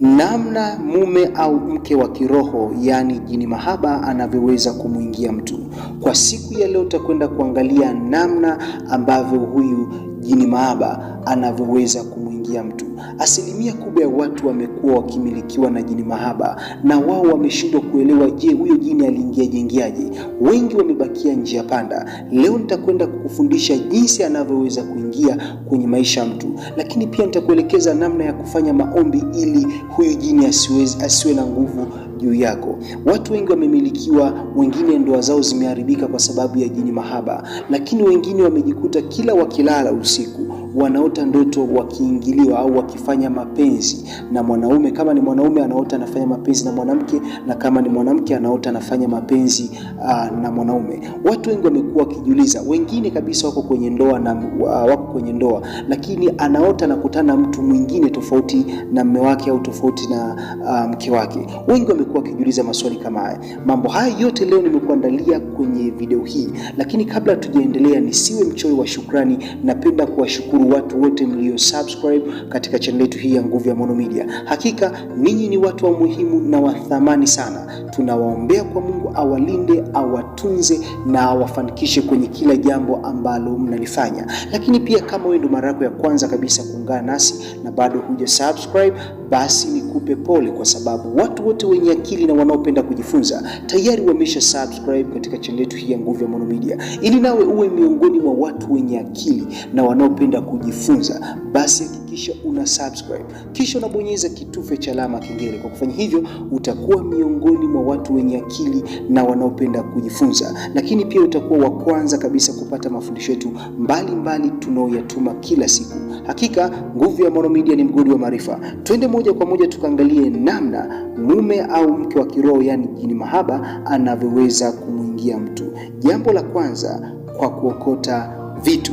namna mume au mke wa kiroho yaani jini mahaba anavyoweza kumwingia mtu. Kwa siku ya leo utakwenda kuangalia namna ambavyo huyu jini mahaba anavyoweza kumtumikia mtu. Asilimia kubwa ya watu wamekuwa wakimilikiwa na jini mahaba, na wao wameshindwa kuelewa, je, huyo jini aliingia jengiaje? Wengi wamebakia njia panda. Leo nitakwenda kukufundisha jinsi anavyoweza kuingia kwenye maisha ya mtu, lakini pia nitakuelekeza namna ya kufanya maombi ili huyu jini asiwezi asiwe na nguvu juu yako. Watu wengi wamemilikiwa, wengine ndoa zao zimeharibika kwa sababu ya jini mahaba, lakini wengine wamejikuta kila wakilala usiku wanaota ndoto wakiingiliwa au wakifanya mapenzi na mwanaume. Kama ni mwanaume anaota anafanya mapenzi na mwanamke, na kama ni mwanamke anaota anafanya mapenzi uh, na mwanaume. Watu wengi wamekuwa wakijiuliza, wengine kabisa wako kwenye ndoa na wako kwenye ndoa, lakini anaota anakutana mtu mwingine tofauti na mme wake au tofauti na ah, mke wake. Wengi wamekuwa wakijiuliza maswali kama haya. Mambo haya yote leo nimekuandalia kwenye video hii, lakini kabla tujaendelea, nisiwe mchoyo wa shukrani, napenda kuwashukuru watu wote mlio subscribe katika channel yetu hii ya Nguvu ya Maono Media. Hakika ninyi ni watu wa muhimu na wa thamani sana. Tunawaombea kwa Mungu awalinde, awatunze na awafanikishe kwenye kila jambo ambalo mnalifanya. Lakini pia kama wewe ndo mara yako ya kwanza kabisa kuungana nasi na bado huja subscribe, basi nikupe pole, kwa sababu watu wote wenye akili na wanaopenda kujifunza tayari wamesha subscribe katika channel yetu hii ya Nguvu ya Maono Media, ili nawe uwe miongoni mwa watu wenye akili na wanaopenda kujifunza, basi hakikisha una subscribe kisha unabonyeza kitufe cha alama kengele. Kwa kufanya hivyo, utakuwa miongoni mwa watu wenye akili na wanaopenda kujifunza, lakini pia utakuwa wa kwanza kabisa kupata mafundisho yetu mbalimbali tunaoyatuma kila siku. Hakika nguvu ya Maono Media ni mgodi wa maarifa. Twende moja kwa moja tukaangalie namna mume au mke wa kiroho, yaani jini mahaba, anavyoweza kumwingia mtu. Jambo la kwanza, kwa kuokota vitu.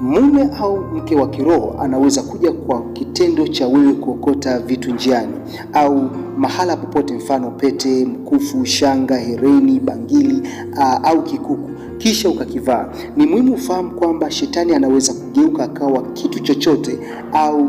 Mume au mke wa kiroho anaweza kuja kwa kitendo cha wewe kuokota vitu njiani au mahala popote, mfano pete, mkufu, shanga, hereni, bangili aa, au kikuku kisha ukakivaa. Ni muhimu ufahamu kwamba shetani anaweza kugeuka akawa kitu chochote au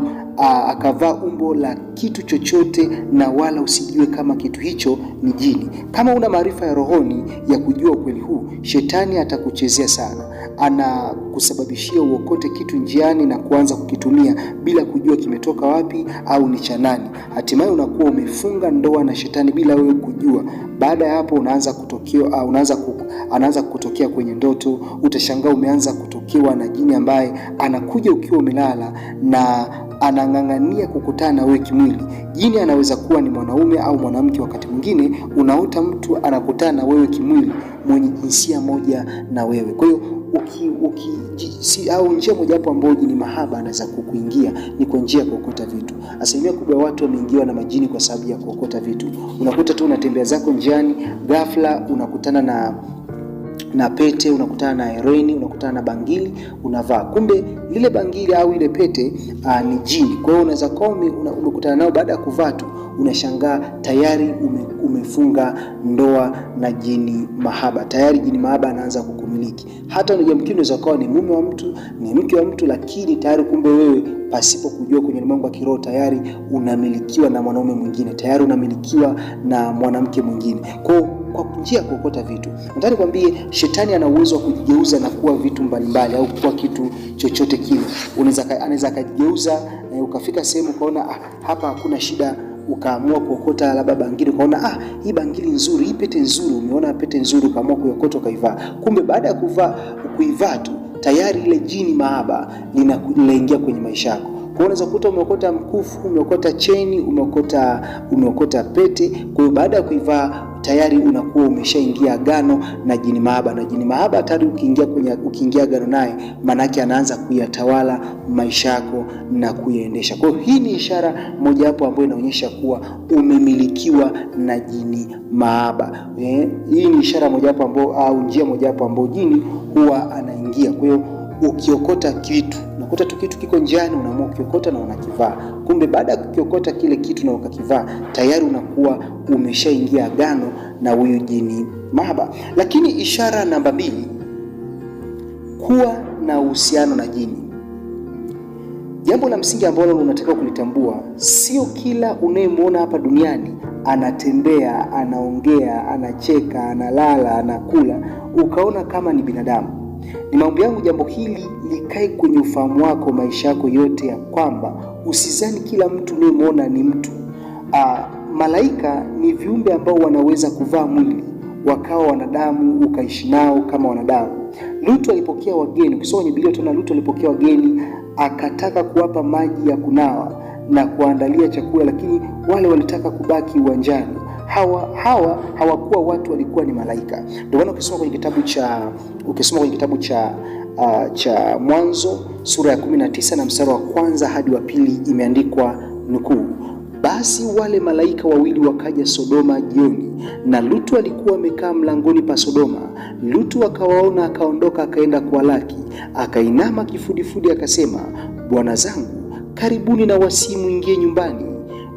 akavaa umbo la kitu chochote, na wala usijue kama kitu hicho ni jini. Kama una maarifa ya rohoni ya kujua ukweli huu, shetani atakuchezea sana ana kusababishia uokote kitu njiani na kuanza kukitumia bila kujua kimetoka wapi au ni cha nani. Hatimaye unakuwa umefunga ndoa na shetani bila wewe kujua. Baada ya hapo unaanza kutokea, au ah, unaanza ku, anaanza kutokea kwenye ndoto. Utashangaa umeanza kutokewa na jini ambaye anakuja ukiwa umelala na anang'ang'ania kukutana na wewe kimwili. Jini anaweza kuwa ni mwanaume au mwanamke. Wakati mwingine unaota mtu anakutana na wewe kimwili, mwenye jinsia moja na wewe. Kwa hiyo uki, uki, si, au njia mojawapo ambayo jini mahaba anaweza kukuingia ni kwa njia ya kuokota vitu. Asilimia kubwa ya watu wameingiwa na majini kwa sababu ya kuokota vitu. Unakuta tu unatembea zako njiani, ghafla unakutana na na pete unakutana na hereni unakutana na bangili unavaa, kumbe lile bangili au ile pete ah, ni jini. Kwa hiyo unaweza kuwa umekutana nao baada ya kuvaa tu, unashangaa tayari ume, umefunga ndoa na jini mahaba, tayari jini mahaba anaanza kukumiliki. Hata unajamkini unaweza kuwa ni mume wa mtu, ni mke wa mtu, lakini tayari kumbe wewe pasipo kujua kwenye ulimwengu wa kiroho tayari unamilikiwa na mwanaume mwingine, tayari unamilikiwa na mwanamke mwingine. Kwa kwa njia ya kuokota vitu, nataka nikwambie, shetani ana uwezo wa kujigeuza na kuwa vitu mbalimbali au kuwa kitu chochote kile. Unaweza anaweza akajigeuza, eh, ukafika sehemu ukaona ah, hapa hakuna shida ukaamua kuokota labda bangili, ukaona ah, hii bangili nzuri, hii pete nzuri, umeona pete nzuri, ukaamua kuokota ukaivaa. Kumbe baada ya kuvaa kuivaa tu tayari ile jini mahaba linaingia kwenye maisha yako. Unaweza kukuta umeokota mkufu, umeokota cheni, umeokota umeokota pete. Kwa hiyo baada ya kuivaa tayari unakuwa umeshaingia agano na jini maaba, na jini maaba tayari ukiingia kwenye ukiingia agano naye, maanake anaanza kuyatawala maisha yako na kuyaendesha. Kwa hiyo hii ni ishara mojawapo ambayo inaonyesha kuwa umemilikiwa na jini maaba. Eh, hii ni ishara mojawapo ambao au njia mojawapo ambao jini huwa anaingia. Kwa hiyo ukiokota kitu unakuta tu kitu kiko njiani, unaamua ukiokota na unakivaa. Kumbe baada ya kukiokota kile kitu na ukakivaa, tayari unakuwa umeshaingia agano na huyu jini mahaba. Lakini ishara namba mbili, kuwa na uhusiano na jini. Jambo la msingi ambalo unatakiwa kulitambua, sio kila unayemwona hapa duniani anatembea, anaongea, anacheka, analala, anakula, ukaona kama ni binadamu. Ni maombi yangu jambo hili likae kwenye ufahamu wako maisha yako yote, ya kwamba usizani kila mtu unayemwona ni mtu. Aa, ah, malaika ni viumbe ambao wanaweza kuvaa mwili wakawa wanadamu ukaishi nao kama wanadamu. Lutu alipokea wageni, ukisoma kwenye Biblia utaona Lutu alipokea wageni akataka kuwapa maji ya kunawa na kuandalia chakula, lakini wale walitaka kubaki uwanjani hawa hawa hawakuwa watu, walikuwa ni malaika. Ndio maana ukisoma kwenye kitabu cha ukisoma kwenye kitabu cha uh, cha Mwanzo sura ya 19 na mstari wa kwanza hadi wa pili imeandikwa nukuu basi wale malaika wawili wakaja Sodoma jioni, na Lutu alikuwa amekaa mlangoni pa Sodoma. Lutu akawaona, akaondoka, akaenda kwa laki akainama kifudifudi, akasema, bwana zangu, karibuni na wasi mwingie nyumbani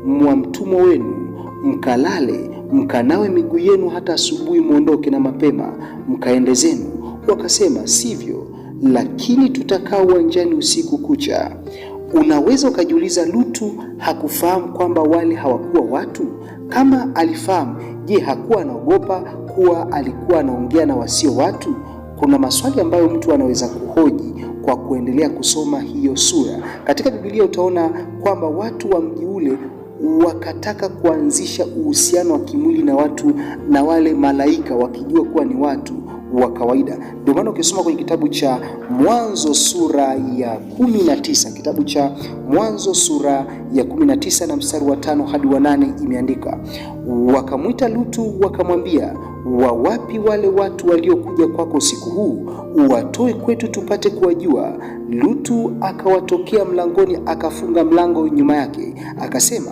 mwa mtumwa wenu mkalale, mkanawe miguu yenu hata asubuhi, mwondoke na mapema, mkaende zenu. Wakasema, sivyo, lakini tutakaa uwanjani usiku kucha. Unaweza ukajiuliza, Lutu hakufahamu kwamba wale hawakuwa watu? Kama alifahamu, je, hakuwa anaogopa kuwa alikuwa anaongea na wasio watu? Kuna maswali ambayo mtu anaweza kuhoji kwa kuendelea kusoma hiyo sura. Katika Biblia utaona kwamba watu wa mji ule wakataka kuanzisha uhusiano wa kimwili na watu na wale malaika, wakijua kuwa ni watu wa kawaida. Ndio maana ukisoma kwenye kitabu cha Mwanzo sura ya kumi na tisa kitabu cha Mwanzo sura ya kumi na tisa na mstari wa tano hadi wa nane imeandika, wakamwita Lutu wakamwambia wawapi wale watu waliokuja kwako usiku huu, uwatoe kwetu tupate kuwajua. Lutu akawatokea mlangoni, akafunga mlango nyuma yake, akasema,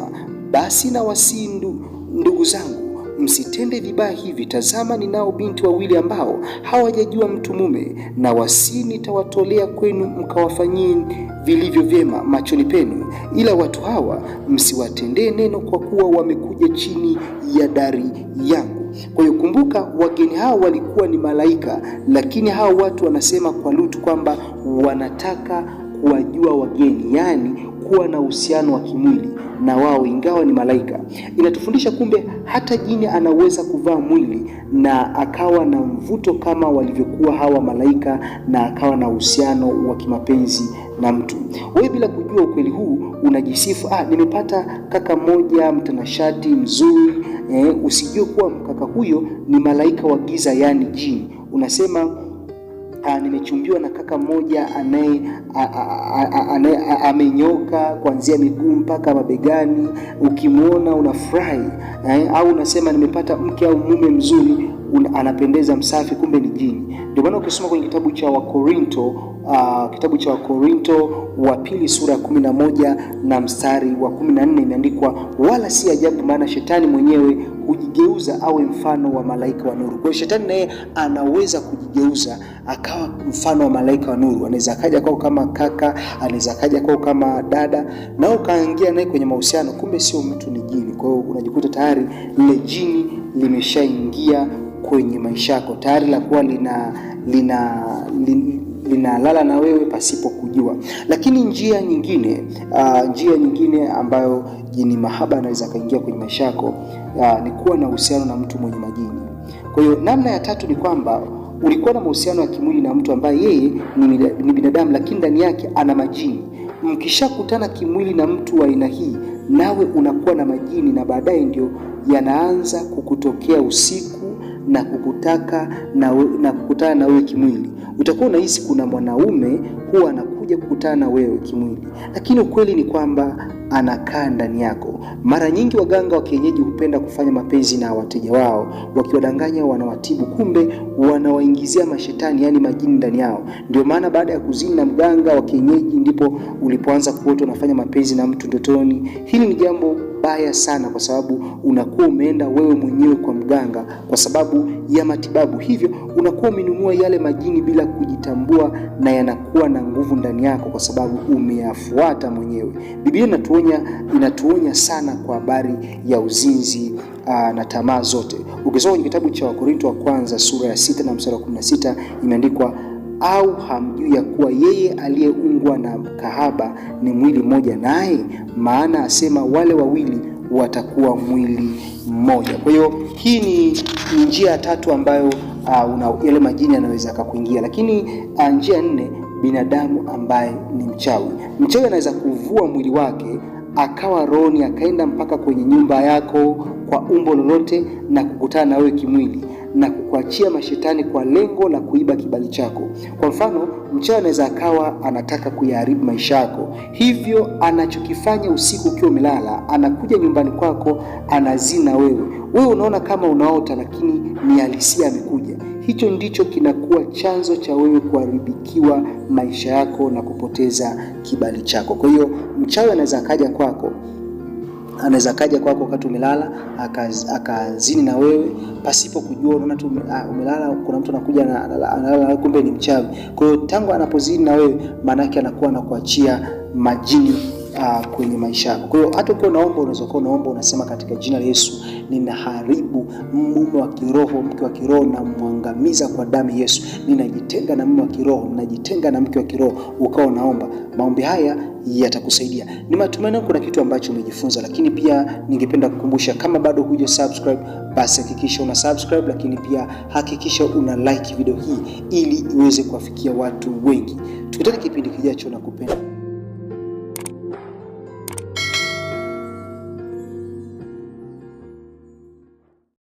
basi na wasii ndugu zangu msitende vibaya hivi. Tazama, ninao binti wawili ambao hawajajua mtu mume, na wasi nitawatolea kwenu, mkawafanyie vilivyo vyema machoni penu, ila watu hawa msiwatendee neno, kwa kuwa wamekuja chini ya dari yangu. Kwa hiyo kumbuka, wageni hao walikuwa ni malaika, lakini hao watu wanasema kwa Lutu kwamba wanataka kuwajua wageni, yaani kuwa na uhusiano wa kimwili na wao ingawa ni malaika. Inatufundisha kumbe hata jini anaweza kuvaa mwili na akawa na mvuto kama walivyokuwa hawa malaika na akawa na uhusiano wa kimapenzi na mtu. Wewe bila kujua ukweli huu unajisifu, ah, nimepata kaka mmoja mtanashati mzuri eh, usijue kuwa kaka huyo ni malaika wa giza, yaani jini. Unasema ah, nimechumbiwa na kaka mmoja anaye amenyoka kuanzia miguu mpaka mabegani, ukimwona unafurahi eh, au unasema nimepata mke au mume mzuri anapendeza msafi, kumbe ni jini. Ndio maana ukisoma kwenye kitabu cha Wakorinto Uh, kitabu cha Wakorinto wa pili sura ya kumi na moja na mstari wa kumi na nne imeandikwa, wala si ajabu, maana shetani mwenyewe hujigeuza awe mfano wa malaika wa nuru. Kwa hiyo shetani naye anaweza kujigeuza akawa mfano wa malaika wa nuru. Anaweza akaja kwao kama kaka, anaweza akaja kwao kama dada, na ukaingia naye kwenye mahusiano, kumbe sio mtu, ni jini. Kwa hiyo unajikuta tayari lile jini limeshaingia kwenye maisha yako, tayari la kuwa lina lina lin, linalala na wewe pasipo kujua. Lakini njia nyingine uh, njia nyingine ambayo jini mahaba anaweza akaingia kwenye maisha yako uh, ni kuwa na uhusiano na mtu mwenye majini. Kwa hiyo namna ya tatu ni kwamba ulikuwa na mahusiano ya kimwili na mtu ambaye yeye ni binadamu, lakini ndani yake ana majini. Mkishakutana kimwili na mtu wa aina hii, nawe unakuwa na majini, na baadaye ndio yanaanza kukutokea usiku na kukutaka na, na kukutana na wewe kimwili. Utakuwa unahisi kuna mwanaume huwa anakuja kukutana na wewe kimwili, lakini ukweli ni kwamba anakaa ndani yako. Mara nyingi waganga wa kienyeji hupenda kufanya mapenzi na wateja wao, wakiwadanganya wanawatibu, kumbe wanawaingizia mashetani, yaani majini ndani yao. Ndio maana baada ya kuzini na mganga wa kienyeji ndipo ulipoanza kuota unafanya mapenzi na mtu ndotoni. Hili ni jambo baya sana, kwa sababu unakuwa umeenda wewe mwenyewe kwa mganga kwa sababu ya matibabu, hivyo unakuwa umenunua yale majini bila kujitambua, na yanakuwa na nguvu ndani yako kwa sababu umeyafuata mwenyewe. Biblia inatuonya, inatuonya sana kwa habari ya uzinzi aa, na tamaa zote. Ukisoma kwenye kitabu cha Wakorinto wa kwanza sura ya sita na mstari wa 16 imeandikwa, au hamjui ya kuwa yeye aliye mfungwa na kahaba ni mwili mmoja naye, maana asema wale wawili watakuwa mwili mmoja. Kwa hiyo hii ni njia tatu ambayo uh, una, yale majini yanaweza kakuingia lakini uh, njia nne, binadamu ambaye ni mchawi. Mchawi anaweza kuvua mwili wake akawa rohoni akaenda mpaka kwenye nyumba yako kwa umbo lolote na kukutana na wewe kimwili na kukuachia mashetani kwa lengo la kuiba kibali chako. Kwa mfano, mchawi anaweza akawa anataka kuyaharibu maisha yako, hivyo anachokifanya usiku ukiwa umelala, anakuja nyumbani kwako, anazina wewe. Wewe unaona kama unaota, lakini ni halisia amekuja. Hicho ndicho kinakuwa chanzo cha wewe kuharibikiwa maisha yako na kupoteza kibali chako. Kwa hiyo mchawi anaweza akaja kwako anaweza kaja kwako wakati umelala akazini na wewe pasipo kujua. Unaona tu ah, umelala, kuna mtu anakuja analala, kumbe ni mchawi. Kwa hiyo tangu anapozini na wewe, maana yake anakuwa anakuachia majini uh, kwenye maisha yako. Kwa hiyo hata ukiwa unaomba, unaweza kuwa unaomba unasema, katika jina la Yesu ninaharibu mume wa kiroho, mke wa kiroho, namwangamiza kwa damu ya Yesu. Ninajitenga na mume wa kiroho, ninajitenga na mke wa kiroho, ukawa unaomba maombi haya yatakusaidia. Ni matumaini kuna kitu ambacho umejifunza, lakini pia ningependa kukumbusha kama bado huja subscribe, basi hakikisha una subscribe, lakini pia hakikisha una like video hii ili iweze kuwafikia watu wengi. Tukutane kipindi kijacho na kupenda